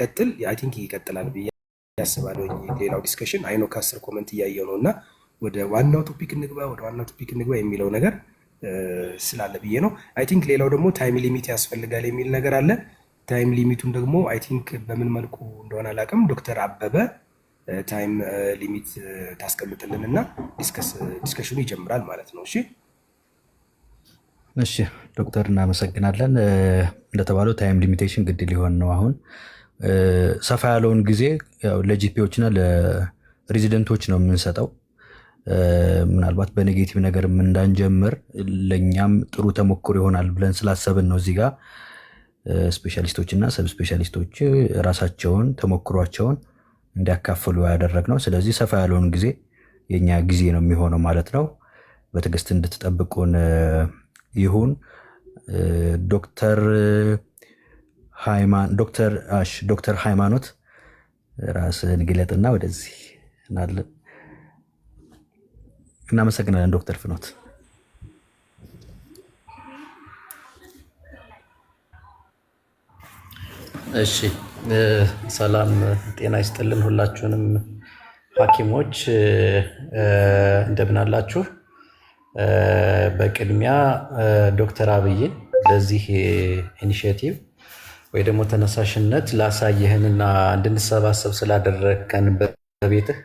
ቀጥል አይ ቲንክ ይቀጥላል ብዬ ያስባለሁ። ሌላው ዲስከሽን አይኖ ከአስር ኮመንት እያየው ነው እና ወደ ዋናው ቶፒክ እንግባ ወደ ዋናው ቶፒክ እንግባ የሚለው ነገር ስላለ ብዬ ነው። አይ ቲንክ ሌላው ደግሞ ታይም ሊሚት ያስፈልጋል የሚል ነገር አለ። ታይም ሊሚቱን ደግሞ አይ ቲንክ በምን መልኩ እንደሆነ አላውቅም። ዶክተር አበበ ታይም ሊሚት ታስቀምጥልን እና ዲስከሽኑ ይጀምራል ማለት ነው። እሺ እሺ ዶክተር እናመሰግናለን። እንደተባለው ታይም ሊሚቴሽን ግድ ሊሆን ነው አሁን ሰፋ ያለውን ጊዜ ለጂፒዎችና ለሬዚደንቶች ነው የምንሰጠው። ምናልባት በኔጌቲቭ ነገር እንዳንጀምር ለእኛም ጥሩ ተሞክሮ ይሆናል ብለን ስላሰብን ነው እዚህ ጋር ስፔሻሊስቶች እና ሰብ ስፔሻሊስቶች ራሳቸውን ተሞክሯቸውን እንዲያካፍሉ ነው። ስለዚህ ሰፋ ያለውን ጊዜ የእኛ ጊዜ ነው የሚሆነው ማለት ነው። በትዕግስት እንድትጠብቁን ይሁን ዶክተር ዶክተር ሃይማኖት ራስን ግለጥና ወደዚህ እናለን። እናመሰግናለን ዶክተር ፍኖት። እሺ ሰላም ጤና ይስጥልን ሁላችሁንም ሐኪሞች እንደምናላችሁ። በቅድሚያ ዶክተር አብይን ለዚህ ኢኒሽቲቭ ወይ ደግሞ ተነሳሽነት ላሳየህንና እንድንሰባሰብ ስላደረግከን በቤትህ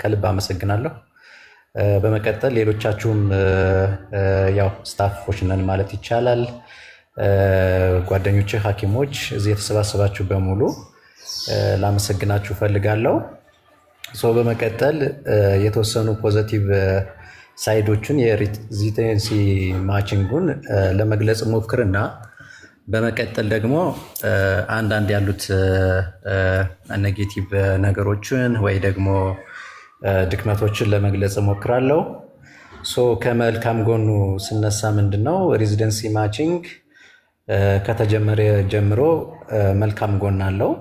ከልብ አመሰግናለሁ። በመቀጠል ሌሎቻችሁም ያው ስታፎች ነን ማለት ይቻላል ጓደኞችህ ሐኪሞች እዚህ የተሰባሰባችሁ በሙሉ ላመሰግናችሁ ፈልጋለሁ። ሶ በመቀጠል የተወሰኑ ፖዘቲቭ ሳይዶችን የሪዚቴንሲ ማችንጉን ለመግለጽ ሞክርና በመቀጠል ደግሞ አንዳንድ ያሉት ኔጌቲቭ ነገሮችን ወይ ደግሞ ድክመቶችን ለመግለጽ እሞክራለሁ። ሶ ከመልካም ጎኑ ስነሳ ምንድን ነው ሬዚደንሲ ማቺንግ ከተጀመረ ጀምሮ መልካም ጎን አለው።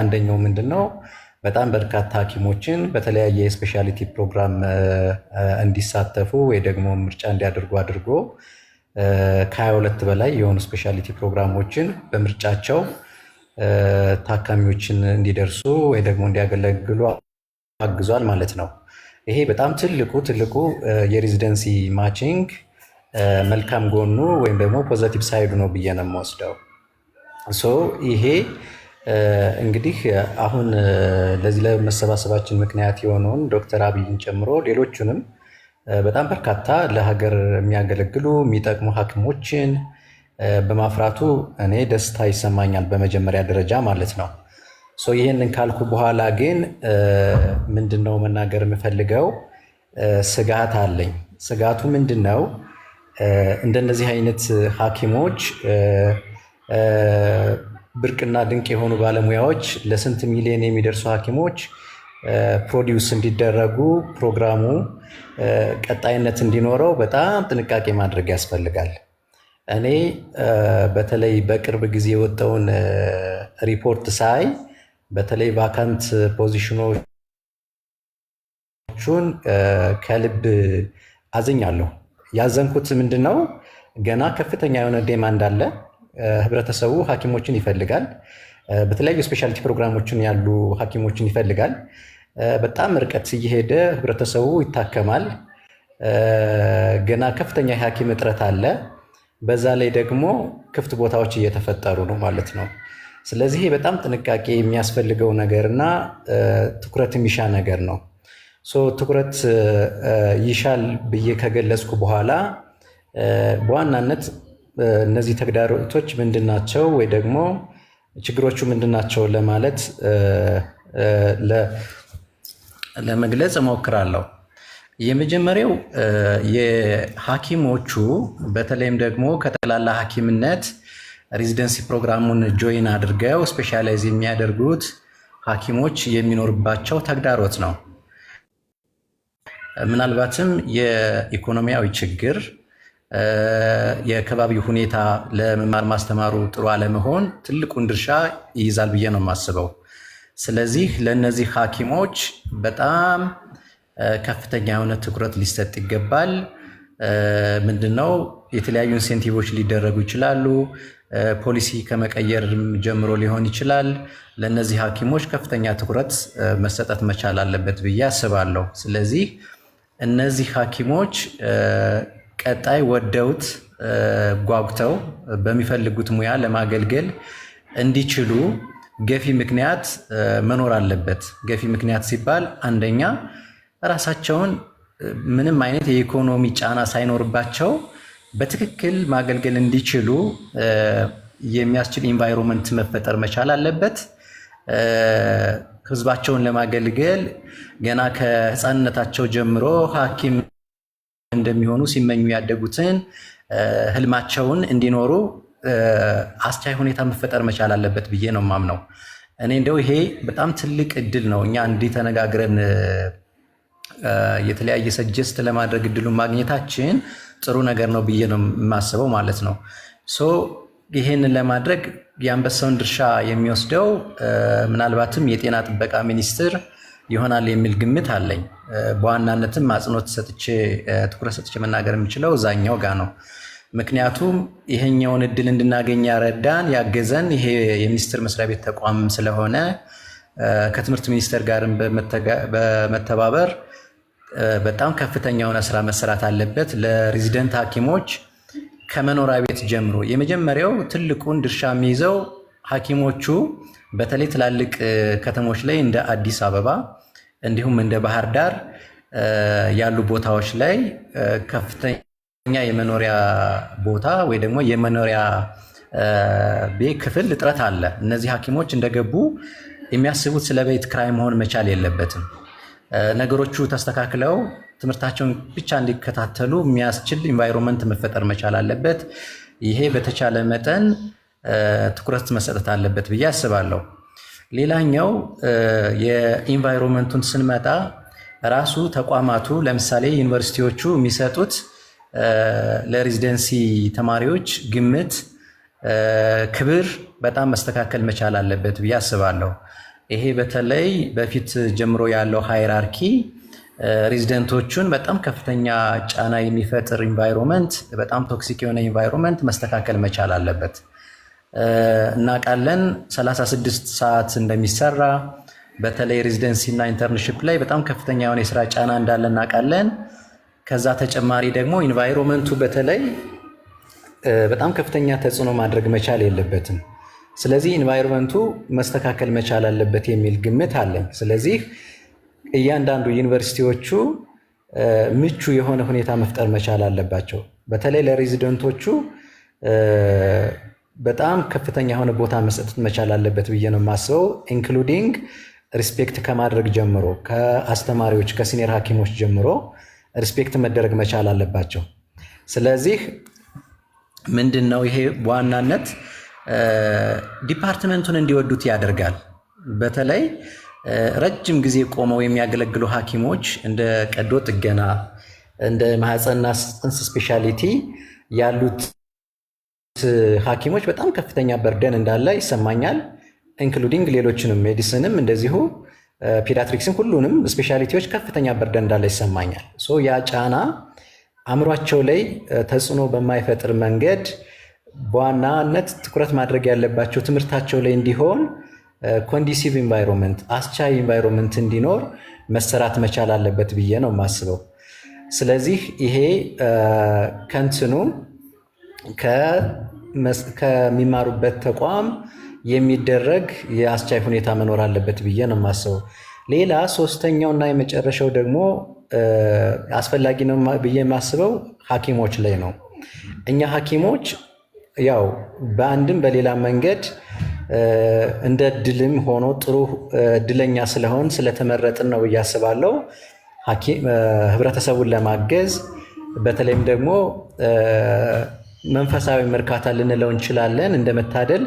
አንደኛው ምንድን ነው በጣም በርካታ ሐኪሞችን በተለያየ የስፔሻሊቲ ፕሮግራም እንዲሳተፉ ወይ ደግሞ ምርጫ እንዲያደርጉ አድርጎ ከ22 በላይ የሆኑ ስፔሻሊቲ ፕሮግራሞችን በምርጫቸው ታካሚዎችን እንዲደርሱ ወይ ደግሞ እንዲያገለግሉ አግዟል ማለት ነው። ይሄ በጣም ትልቁ ትልቁ የሬዚደንሲ ማቺንግ መልካም ጎኑ ወይም ደግሞ ፖዘቲቭ ሳይዱ ነው ብዬ ነው የምወስደው። ሶ ይሄ እንግዲህ አሁን ለዚህ ለመሰባሰባችን ምክንያት የሆነውን ዶክተር አብይን ጨምሮ ሌሎቹንም በጣም በርካታ ለሀገር የሚያገለግሉ የሚጠቅሙ ሐኪሞችን በማፍራቱ እኔ ደስታ ይሰማኛል፣ በመጀመሪያ ደረጃ ማለት ነው። ይህንን ካልኩ በኋላ ግን ምንድን ነው መናገር የምፈልገው ስጋት አለኝ። ስጋቱ ምንድን ነው? እንደነዚህ አይነት ሐኪሞች ብርቅና ድንቅ የሆኑ ባለሙያዎች ለስንት ሚሊዮን የሚደርሱ ሐኪሞች ፕሮዲውስ እንዲደረጉ ፕሮግራሙ ቀጣይነት እንዲኖረው በጣም ጥንቃቄ ማድረግ ያስፈልጋል። እኔ በተለይ በቅርብ ጊዜ የወጣውን ሪፖርት ሳይ በተለይ ቫካንት ፖዚሽኖቹን ከልብ አዝኛለሁ። ያዘንኩት ምንድን ነው ገና ከፍተኛ የሆነ ዴማንድ አለ። ህብረተሰቡ ሐኪሞችን ይፈልጋል። በተለያዩ ስፔሻሊቲ ፕሮግራሞችን ያሉ ሐኪሞችን ይፈልጋል። በጣም ርቀት እየሄደ ህብረተሰቡ ይታከማል። ገና ከፍተኛ የሐኪም እጥረት አለ። በዛ ላይ ደግሞ ክፍት ቦታዎች እየተፈጠሩ ነው ማለት ነው። ስለዚህ በጣም ጥንቃቄ የሚያስፈልገው ነገር እና ትኩረት የሚሻ ነገር ነው። ትኩረት ይሻል ብዬ ከገለጽኩ በኋላ በዋናነት እነዚህ ተግዳሮቶች ምንድናቸው ወይ ደግሞ ችግሮቹ ምንድናቸው ለማለት ለመግለጽ እሞክራለሁ። የመጀመሪያው የሐኪሞቹ በተለይም ደግሞ ከጠቅላላ ሐኪምነት ሬዚደንሲ ፕሮግራሙን ጆይን አድርገው ስፔሻላይዝ የሚያደርጉት ሐኪሞች የሚኖርባቸው ተግዳሮት ነው። ምናልባትም የኢኮኖሚያዊ ችግር፣ የከባቢ ሁኔታ፣ ለመማር ማስተማሩ ጥሩ አለመሆን ትልቁን ድርሻ ይይዛል ብዬ ነው የማስበው። ስለዚህ ለእነዚህ ሐኪሞች በጣም ከፍተኛ የሆነ ትኩረት ሊሰጥ ይገባል። ምንድነው የተለያዩ ኢንሴንቲቮች ሊደረጉ ይችላሉ። ፖሊሲ ከመቀየር ጀምሮ ሊሆን ይችላል። ለእነዚህ ሐኪሞች ከፍተኛ ትኩረት መሰጠት መቻል አለበት ብዬ አስባለሁ። ስለዚህ እነዚህ ሐኪሞች ቀጣይ ወደውት ጓጉተው በሚፈልጉት ሙያ ለማገልገል እንዲችሉ ገፊ ምክንያት መኖር አለበት። ገፊ ምክንያት ሲባል አንደኛ ራሳቸውን ምንም አይነት የኢኮኖሚ ጫና ሳይኖርባቸው በትክክል ማገልገል እንዲችሉ የሚያስችል ኢንቫይሮንመንት መፈጠር መቻል አለበት። ህዝባቸውን ለማገልገል ገና ከህፃንነታቸው ጀምሮ ሐኪም እንደሚሆኑ ሲመኙ ያደጉትን ህልማቸውን እንዲኖሩ አስቻይ ሁኔታ መፈጠር መቻል አለበት ብዬ ነው የማምነው። እኔ እንደው ይሄ በጣም ትልቅ እድል ነው። እኛ እንዲህ ተነጋግረን የተለያየ ሰጀስት ለማድረግ እድሉን ማግኘታችን ጥሩ ነገር ነው ብዬ ነው የማስበው ማለት ነው። ሶ ይህንን ለማድረግ የአንበሳውን ድርሻ የሚወስደው ምናልባትም የጤና ጥበቃ ሚኒስትር ይሆናል የሚል ግምት አለኝ። በዋናነትም አጽንኦት ሰጥቼ ትኩረት ሰጥቼ መናገር የምችለው እዛኛው ጋ ነው። ምክንያቱም ይሄኛውን እድል እንድናገኝ ያረዳን ያገዘን ይሄ የሚኒስቴር መስሪያ ቤት ተቋም ስለሆነ ከትምህርት ሚኒስቴር ጋርም በመተባበር በጣም ከፍተኛ የሆነ ስራ መሰራት አለበት። ለሬዚደንት ሐኪሞች ከመኖሪያ ቤት ጀምሮ የመጀመሪያው ትልቁን ድርሻ የሚይዘው ሐኪሞቹ በተለይ ትላልቅ ከተሞች ላይ እንደ አዲስ አበባ እንዲሁም እንደ ባህር ዳር ያሉ ቦታዎች ላይ ከፍተኛ እኛ የመኖሪያ ቦታ ወይ ደግሞ የመኖሪያ ቤት ክፍል እጥረት አለ። እነዚህ ሐኪሞች እንደገቡ የሚያስቡት ስለ ቤት ክራይ መሆን መቻል የለበትም። ነገሮቹ ተስተካክለው ትምህርታቸውን ብቻ እንዲከታተሉ የሚያስችል ኢንቫይሮንመንት መፈጠር መቻል አለበት። ይሄ በተቻለ መጠን ትኩረት መሰጠት አለበት ብዬ አስባለሁ። ሌላኛው የኢንቫይሮንመንቱን ስንመጣ ራሱ ተቋማቱ ለምሳሌ ዩኒቨርሲቲዎቹ የሚሰጡት ለሬዚደንሲ ተማሪዎች ግምት ክብር በጣም መስተካከል መቻል አለበት ብዬ አስባለሁ። ይሄ በተለይ በፊት ጀምሮ ያለው ሃይራርኪ ሬዚደንቶቹን በጣም ከፍተኛ ጫና የሚፈጥር ኢንቫይሮንመንት፣ በጣም ቶክሲክ የሆነ ኢንቫይሮንመንት መስተካከል መቻል አለበት። እናውቃለን 36 ሰዓት እንደሚሰራ በተለይ ሬዚደንሲ እና ኢንተርንሽፕ ላይ በጣም ከፍተኛ የሆነ የስራ ጫና እንዳለ እናውቃለን። ከዛ ተጨማሪ ደግሞ ኢንቫይሮመንቱ በተለይ በጣም ከፍተኛ ተጽዕኖ ማድረግ መቻል የለበትም። ስለዚህ ኢንቫይሮመንቱ መስተካከል መቻል አለበት የሚል ግምት አለኝ። ስለዚህ እያንዳንዱ ዩኒቨርሲቲዎቹ ምቹ የሆነ ሁኔታ መፍጠር መቻል አለባቸው። በተለይ ለሬዚደንቶቹ በጣም ከፍተኛ የሆነ ቦታ መሰጠት መቻል አለበት ብዬ ነው የማስበው። ኢንክሉዲንግ ሪስፔክት ከማድረግ ጀምሮ ከአስተማሪዎች ከሲኒየር ሐኪሞች ጀምሮ ሪስፔክት መደረግ መቻል አለባቸው። ስለዚህ ምንድን ነው ይሄ በዋናነት ዲፓርትመንቱን እንዲወዱት ያደርጋል። በተለይ ረጅም ጊዜ ቆመው የሚያገለግሉ ሐኪሞች እንደ ቀዶ ጥገና፣ እንደ ማህፀንና ጽንስ ስፔሻሊቲ ያሉት ሐኪሞች በጣም ከፍተኛ በርደን እንዳለ ይሰማኛል። ኢንክሉዲንግ ሌሎችንም ሜዲሲንም እንደዚሁ ፔዲያትሪክስን ሁሉንም ስፔሻሊቲዎች ከፍተኛ በርደን እንዳለ ይሰማኛል። ያ ጫና አእምሯቸው ላይ ተጽዕኖ በማይፈጥር መንገድ በዋናነት ትኩረት ማድረግ ያለባቸው ትምህርታቸው ላይ እንዲሆን ኮንዲሲቭ ኢንቫይሮንመንት አስቻይ ኢንቫይሮንመንት እንዲኖር መሰራት መቻል አለበት ብዬ ነው የማስበው። ስለዚህ ይሄ ከንትኑ ከሚማሩበት ተቋም የሚደረግ የአስቻይ ሁኔታ መኖር አለበት ብዬ ነው የማስበው። ሌላ ሶስተኛውና የመጨረሻው ደግሞ አስፈላጊ ነው ብዬ የማስበው ሐኪሞች ላይ ነው። እኛ ሐኪሞች ያው በአንድም በሌላ መንገድ እንደ እድልም ሆኖ ጥሩ እድለኛ ስለሆን ስለተመረጥን ነው ብዬ አስባለሁ። ህብረተሰቡን ለማገዝ በተለይም ደግሞ መንፈሳዊ እርካታ ልንለው እንችላለን እንደመታደል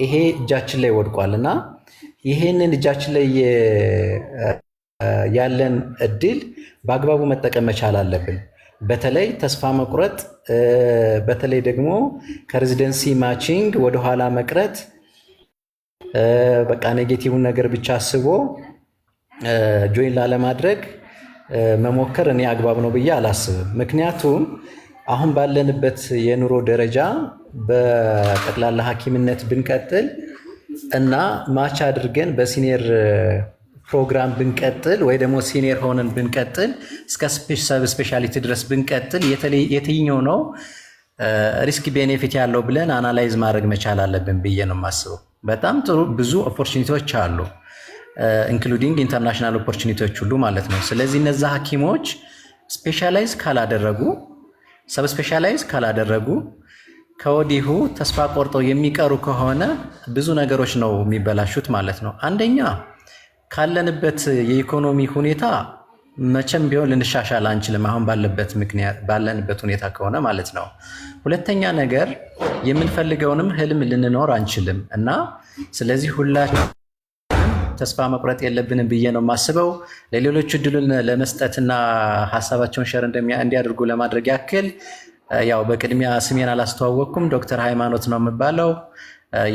ይሄ እጃችን ላይ ወድቋል እና ይህንን እጃችን ላይ ያለን እድል በአግባቡ መጠቀም መቻል አለብን። በተለይ ተስፋ መቁረጥ፣ በተለይ ደግሞ ከሬዚደንሲ ማቺንግ ወደኋላ መቅረት፣ በቃ ኔጌቲቭን ነገር ብቻ አስቦ ጆይን ላለማድረግ መሞከር እኔ አግባብ ነው ብዬ አላስብም። ምክንያቱም አሁን ባለንበት የኑሮ ደረጃ በጠቅላላ ሐኪምነት ብንቀጥል እና ማች አድርገን በሲኒየር ፕሮግራም ብንቀጥል ወይ ደግሞ ሲኒየር ሆነን ብንቀጥል እስከ ሰብ ስፔሻሊቲ ድረስ ብንቀጥል የትኛው ነው ሪስክ ቤኔፊት ያለው ብለን አናላይዝ ማድረግ መቻል አለብን ብዬ ነው የማስበው። በጣም ጥሩ ብዙ ኦፖርቹኒቲዎች አሉ፣ ኢንክሉዲንግ ኢንተርናሽናል ኦፖርቹኒቲዎች ሁሉ ማለት ነው። ስለዚህ እነዛ ሐኪሞች ስፔሻላይዝ ካላደረጉ ሰብስፔሻላይዝ ካላደረጉ ከወዲሁ ተስፋ ቆርጠው የሚቀሩ ከሆነ ብዙ ነገሮች ነው የሚበላሹት ማለት ነው። አንደኛ ካለንበት የኢኮኖሚ ሁኔታ መቼም ቢሆን ልንሻሻል አንችልም፣ አሁን ባለበት ምክንያት ባለንበት ሁኔታ ከሆነ ማለት ነው። ሁለተኛ ነገር የምንፈልገውንም ህልም ልንኖር አንችልም እና ስለዚህ ሁላችን ተስፋ መቁረጥ የለብንም ብዬ ነው የማስበው። ለሌሎቹ እድሉን ለመስጠትና ሀሳባቸውን ሸር እንዲያደርጉ ለማድረግ ያክል ያው በቅድሚያ ስሜን አላስተዋወቅኩም። ዶክተር ሃይማኖት ነው የምባለው።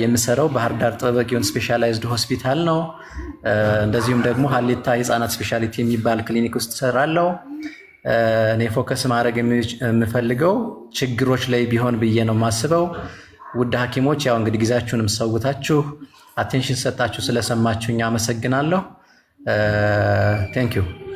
የምሰራው ባህር ዳር ጥበበ ግዮን ስፔሻላይዝድ ሆስፒታል ነው። እንደዚሁም ደግሞ ሀሌታ የህፃናት ስፔሻሊቲ የሚባል ክሊኒክ ውስጥ ሰራለው። እኔ ፎከስ ማድረግ የምፈልገው ችግሮች ላይ ቢሆን ብዬ ነው የማስበው። ውድ ሐኪሞች ያው እንግዲህ ጊዜያችሁንም ሰውታችሁ አቴንሽን ሰጣችሁ ስለሰማችሁኝ አመሰግናለሁ። ቴንክ uh, ዩ